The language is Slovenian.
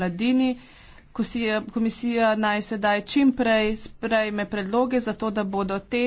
mladini. Komisija, komisija naj sedaj čimprej sprejme predloge za to, da bodo te